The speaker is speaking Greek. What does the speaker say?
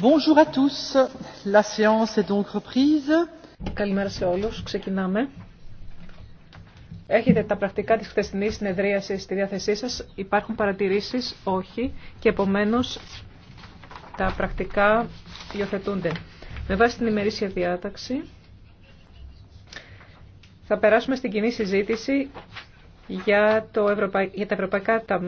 Bonjour à tous. La Καλημέρα σε όλους. Ξεκινάμε. Έχετε τα πρακτικά της χθεσινής συνεδρίασης στη διάθεσή σας. Υπάρχουν παρατηρήσεις. Όχι. Και επομένως τα πρακτικά υιοθετούνται. Με βάση την ημερήσια διάταξη θα περάσουμε στην κοινή συζήτηση για, το Ευρωπαϊ... για τα ευρωπαϊκά ταμεία.